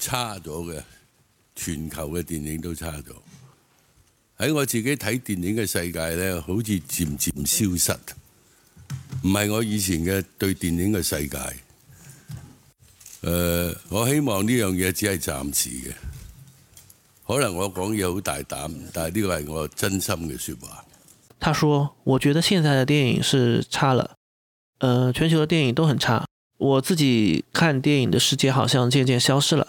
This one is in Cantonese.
差咗嘅，全球嘅電影都差咗。喺我自己睇電影嘅世界呢，好似漸漸消失。唔係我以前嘅對電影嘅世界。呃，我希望呢樣嘢只係暫時嘅。可能我講嘢好大膽，但係呢個係我真心嘅説話。他說：我覺得現在嘅電影是差了，呃，全球嘅電影都很差。我自己看電影嘅世界好像漸漸消失了。